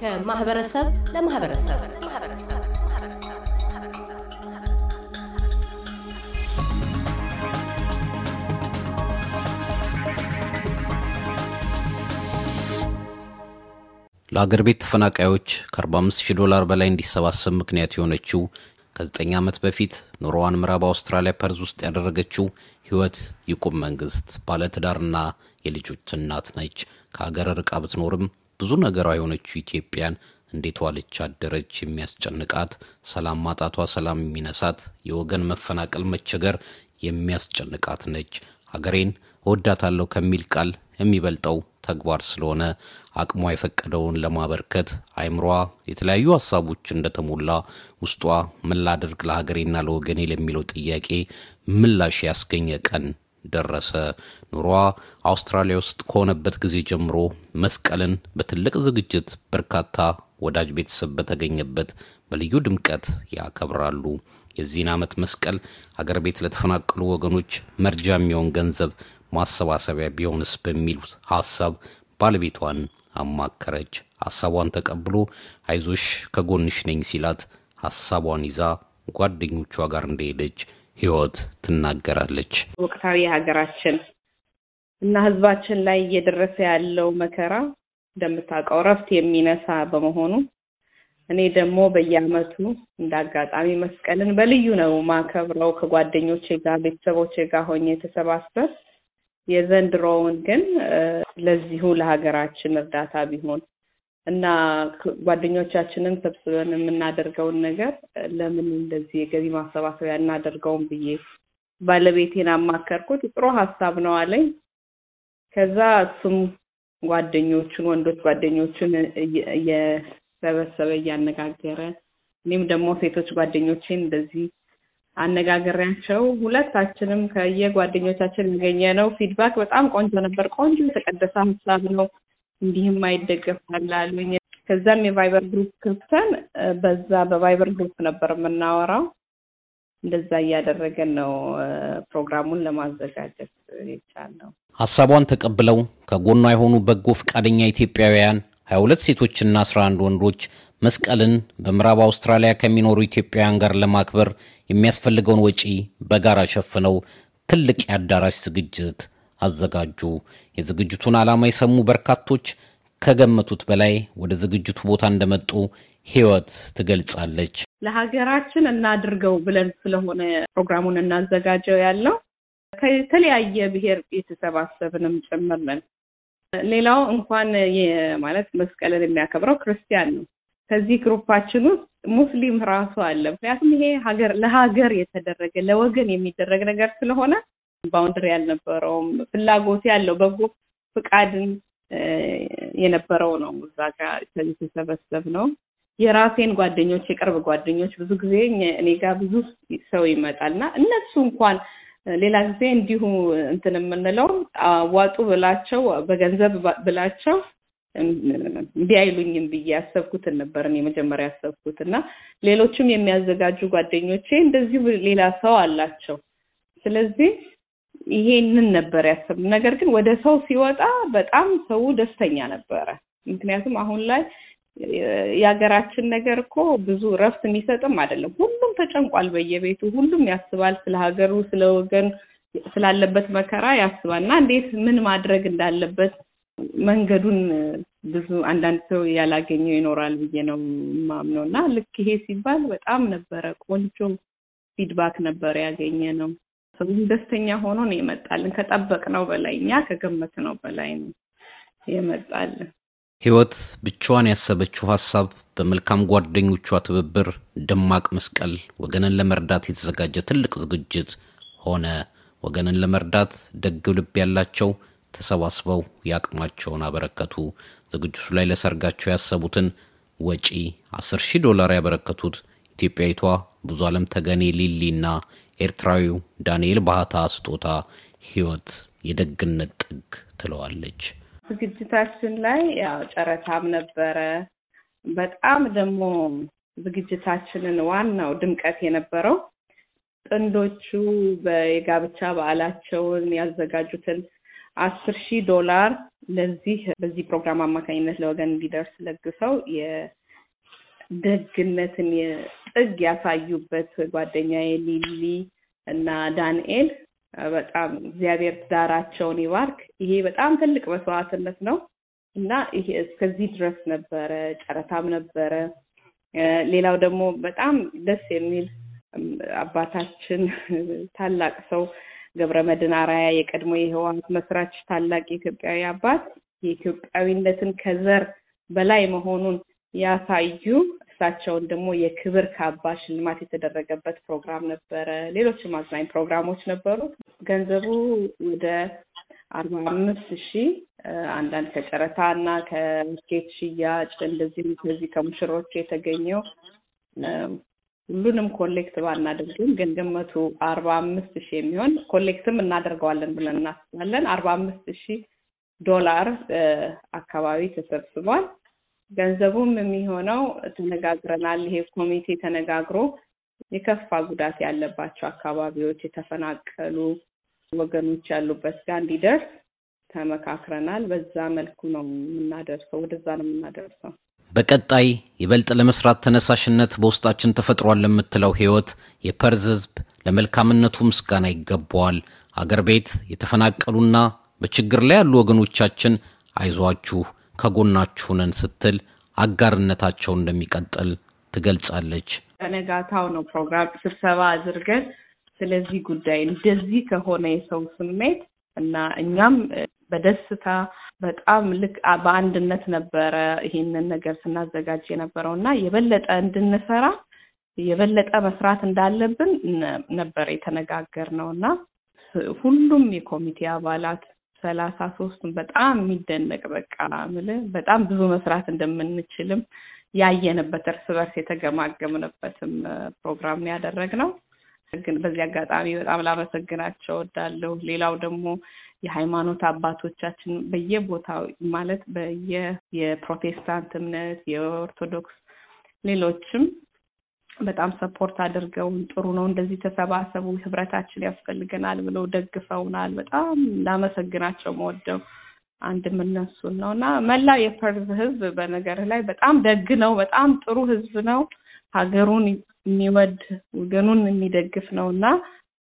ከማህበረሰብ ለማህበረሰብ ለአገር ቤት ተፈናቃዮች ከ45 ሺህ ዶላር በላይ እንዲሰባሰብ ምክንያት የሆነችው ከዘጠኝ ዓመት በፊት ኑሮዋን ምዕራብ አውስትራሊያ ፐርዝ ውስጥ ያደረገችው ህይወት ይቁም መንግስት ባለትዳርና የልጆች እናት ነች። ከሀገር ርቃ ብትኖርም ብዙ ነገሯ የሆነችው ኢትዮጵያን እንዴት ዋለች አደረች የሚያስጨንቃት፣ ሰላም ማጣቷ ሰላም የሚነሳት፣ የወገን መፈናቀል መቸገር የሚያስጨንቃት ነች። ሀገሬን እወዳታለሁ ከሚል ቃል የሚበልጠው ተግባር ስለሆነ አቅሟ የፈቀደውን ለማበርከት አይምሯ የተለያዩ ሀሳቦች እንደተሞላ ውስጧ ምን ላደርግ ለሀገሬና ለወገኔ ለሚለው ጥያቄ ምላሽ ያስገኘ ቀን ደረሰ። ኑሯ አውስትራሊያ ውስጥ ከሆነበት ጊዜ ጀምሮ መስቀልን በትልቅ ዝግጅት በርካታ ወዳጅ ቤተሰብ በተገኘበት በልዩ ድምቀት ያከብራሉ። የዚህን ዓመት መስቀል አገር ቤት ለተፈናቀሉ ወገኖች መርጃ የሚሆን ገንዘብ ማሰባሰቢያ ቢሆንስ በሚሉት ሀሳብ ባለቤቷን አማከረች። ሀሳቧን ተቀብሎ አይዞሽ ከጎንሽ ነኝ ሲላት ሀሳቧን ይዛ ጓደኞቿ ጋር እንደሄደች ህይወት ትናገራለች። ወቅታዊ ሀገራችን እና ህዝባችን ላይ እየደረሰ ያለው መከራ እንደምታውቀው እረፍት የሚነሳ በመሆኑ እኔ ደግሞ በየአመቱ እንደ አጋጣሚ መስቀልን በልዩ ነው ማከብረው ከጓደኞቼ ጋር ቤተሰቦቼ ጋር ሆኜ ተሰባስበን የዘንድሮውን ግን ለዚሁ ለሀገራችን እርዳታ ቢሆን እና ጓደኞቻችንን ሰብስበን የምናደርገውን ነገር ለምን እንደዚህ የገቢ ማሰባሰቢያ እናደርገውን ብዬ ባለቤቴን አማከርኩት። ጥሩ ሀሳብ ነው አለኝ። ከዛ እሱም ጓደኞቹን ወንዶች ጓደኞቹን እየሰበሰበ እያነጋገረ እኔም ደግሞ ሴቶች ጓደኞቼን እንደዚህ አነጋግሬያቸው ሁለታችንም ከየጓደኞቻችን ነው ፊድባክ በጣም ቆንጆ ነበር። ቆንጆ የተቀደሰ ሀሳብ ነው፣ እንዲህም አይደገፋል አሉኝ። ከዛም የቫይበር ግሩፕ ክፍተን በዛ በቫይበር ግሩፕ ነበር የምናወራው። እንደዛ እያደረገን ነው ፕሮግራሙን ለማዘጋጀት የቻልነው። ሀሳቧን ተቀብለው ከጎኗ የሆኑ በጎ ፈቃደኛ ኢትዮጵያውያን 22 ሴቶችና 11 ወንዶች መስቀልን በምዕራብ አውስትራሊያ ከሚኖሩ ኢትዮጵያውያን ጋር ለማክበር የሚያስፈልገውን ወጪ በጋራ ሸፍነው ትልቅ የአዳራሽ ዝግጅት አዘጋጁ። የዝግጅቱን ዓላማ የሰሙ በርካቶች ከገመቱት በላይ ወደ ዝግጅቱ ቦታ እንደመጡ ህይወት ትገልጻለች። ለሀገራችን እናድርገው ብለን ስለሆነ ፕሮግራሙን እናዘጋጀው ያለው ከተለያየ ብሔር የተሰባሰብንም ጭምር ነን። ሌላው እንኳን ማለት መስቀልን የሚያከብረው ክርስቲያን ነው። ከዚህ ግሩፓችን ውስጥ ሙስሊም ራሱ አለ። ምክንያቱም ይሄ ሀገር ለሀገር የተደረገ ለወገን የሚደረግ ነገር ስለሆነ ባውንድሪ ያልነበረውም ፍላጎት ያለው በጎ ፍቃድን የነበረው ነው። እዛ ጋር የተሰበሰብ ነው። የራሴን ጓደኞች የቅርብ ጓደኞች ብዙ ጊዜ እኔ ጋር ብዙ ሰው ይመጣልና እነሱ እንኳን ሌላ ጊዜ እንዲሁ እንትን የምንለው ዋጡ ብላቸው በገንዘብ ብላቸው እምቢ አይሉኝም ብዬ ያሰብኩትን ነበር እኔ መጀመሪያ ያሰብኩት እና ሌሎችም የሚያዘጋጁ ጓደኞቼ እንደዚሁ ሌላ ሰው አላቸው። ስለዚህ ይሄንን ነበር ያሰብ ነገር ግን ወደ ሰው ሲወጣ በጣም ሰው ደስተኛ ነበረ። ምክንያቱም አሁን ላይ የሀገራችን ነገር እኮ ብዙ እረፍት የሚሰጥም አይደለም። ሁሉም ተጨንቋል በየቤቱ ሁሉም ያስባል ስለ ሀገሩ፣ ስለ ወገን ስላለበት መከራ ያስባል እና እንዴት ምን ማድረግ እንዳለበት መንገዱን ብዙ አንዳንድ ሰው ያላገኘው ይኖራል ብዬ ነው የማምነው እና ልክ ይሄ ሲባል በጣም ነበረ ቆንጆ ፊድባክ ነበረ ያገኘ ነው። ሰውም ደስተኛ ሆኖ ነው የመጣልን። ከጠበቅነው በላይ እኛ ከገመትነው በላይ ነው የመጣልን። ሕይወት ብቻዋን ያሰበችው ሐሳብ በመልካም ጓደኞቿ ትብብር ደማቅ መስቀል ወገንን ለመርዳት የተዘጋጀ ትልቅ ዝግጅት ሆነ። ወገንን ለመርዳት ደግ ልብ ያላቸው ተሰባስበው የአቅማቸውን አበረከቱ። ዝግጅቱ ላይ ለሰርጋቸው ያሰቡትን ወጪ 10 ሺህ ዶላር ያበረከቱት ኢትዮጵያዊቷ ብዙ ዓለም ተገኔ ሊሊና ኤርትራዊው ዳንኤል ባህታ ስጦታ ሕይወት የደግነት ጥግ ትለዋለች። ዝግጅታችን ላይ ያው ጨረታም ነበረ። በጣም ደግሞ ዝግጅታችንን ዋናው ድምቀት የነበረው ጥንዶቹ የጋብቻ በዓላቸውን ያዘጋጁትን አስር ሺህ ዶላር ለዚህ በዚህ ፕሮግራም አማካኝነት ለወገን እንዲደርስ ለግሰው የደግነትን ጥግ ያሳዩበት ጓደኛዬ ሊሊ እና ዳንኤል በጣም እግዚአብሔር ትዳራቸውን ይባርክ። ይሄ በጣም ትልቅ መስዋዕትነት ነው እና ይሄ እስከዚህ ድረስ ነበረ፣ ጨረታም ነበረ። ሌላው ደግሞ በጣም ደስ የሚል አባታችን ታላቅ ሰው ገብረ መድን አራያ የቀድሞ የህወሓት መስራች ታላቅ የኢትዮጵያዊ አባት የኢትዮጵያዊነትን ከዘር በላይ መሆኑን ያሳዩ እሳቸውን ደግሞ የክብር ካባ ሽልማት የተደረገበት ፕሮግራም ነበረ። ሌሎችም አዝናኝ ፕሮግራሞች ነበሩ። ገንዘቡ ወደ አርባ አምስት ሺህ አንዳንድ ከጨረታ እና ከስኬት ሽያጭ እንደዚህም ከዚህ ከሙሽሮቹ የተገኘው ሁሉንም ኮሌክት ባናደርግም ግን ግምቱ አርባ አምስት ሺህ የሚሆን ኮሌክትም እናደርገዋለን ብለን እናስባለን። አርባ አምስት ሺህ ዶላር አካባቢ ተሰብስቧል። ገንዘቡም የሚሆነው ተነጋግረናል። ይሄ ኮሚቴ ተነጋግሮ የከፋ ጉዳት ያለባቸው አካባቢዎች የተፈናቀሉ ወገኖች ያሉበት ጋር እንዲደርስ ተመካክረናል። በዛ መልኩ ነው የምናደርሰው፣ ወደዛ ነው የምናደርሰው። በቀጣይ ይበልጥ ለመስራት ተነሳሽነት በውስጣችን ተፈጥሯል ለምትለው ህይወት የፐርዝ ህዝብ ለመልካምነቱ ምስጋና ይገባዋል። አገር ቤት የተፈናቀሉና በችግር ላይ ያሉ ወገኖቻችን አይዟችሁ ከጎናችሁ ነን ስትል አጋርነታቸው እንደሚቀጥል ትገልጻለች። በነጋታው ነው ፕሮግራም ስብሰባ አድርገን ስለዚህ ጉዳይ እንደዚህ ከሆነ የሰው ስሜት እና እኛም በደስታ በጣም ልክ በአንድነት ነበረ ይሄንን ነገር ስናዘጋጅ የነበረው እና የበለጠ እንድንሰራ የበለጠ መስራት እንዳለብን ነበር የተነጋገር ነው እና ሁሉም የኮሚቴ አባላት ሰላሳ ሶስቱም በጣም የሚደነቅ በቃ ምል በጣም ብዙ መስራት እንደምንችልም ያየንበት እርስ በርስ የተገማገምንበትም ፕሮግራም ያደረግነው። ግን በዚህ አጋጣሚ በጣም ላመሰግናቸው ወዳለሁ ሌላው ደግሞ የሃይማኖት አባቶቻችን በየቦታው ማለት በየ የፕሮቴስታንት እምነት የኦርቶዶክስ፣ ሌሎችም በጣም ሰፖርት አድርገውን ጥሩ ነው እንደዚህ ተሰባሰቡ፣ ህብረታችን ያስፈልገናል ብለው ደግፈውናል። በጣም ላመሰግናቸው መወደው አንድ የምነሱን ነው እና መላው የፐርዝ ህዝብ በነገር ላይ በጣም ደግ ነው። በጣም ጥሩ ህዝብ ነው። ሀገሩን የሚወድ ወገኑን የሚደግፍ ነው እና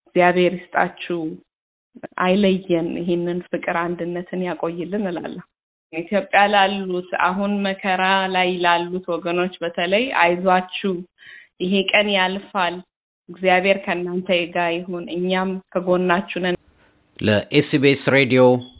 እግዚአብሔር ይስጣችሁ፣ አይለየን፣ ይህንን ፍቅር አንድነትን ያቆይልን እላለሁ። ኢትዮጵያ ላሉት አሁን መከራ ላይ ላሉት ወገኖች በተለይ አይዟችሁ፣ ይሄ ቀን ያልፋል፣ እግዚአብሔር ከእናንተ ጋር ይሁን፣ እኛም ከጎናችሁ ነን። ለኤስቢኤስ ሬዲዮ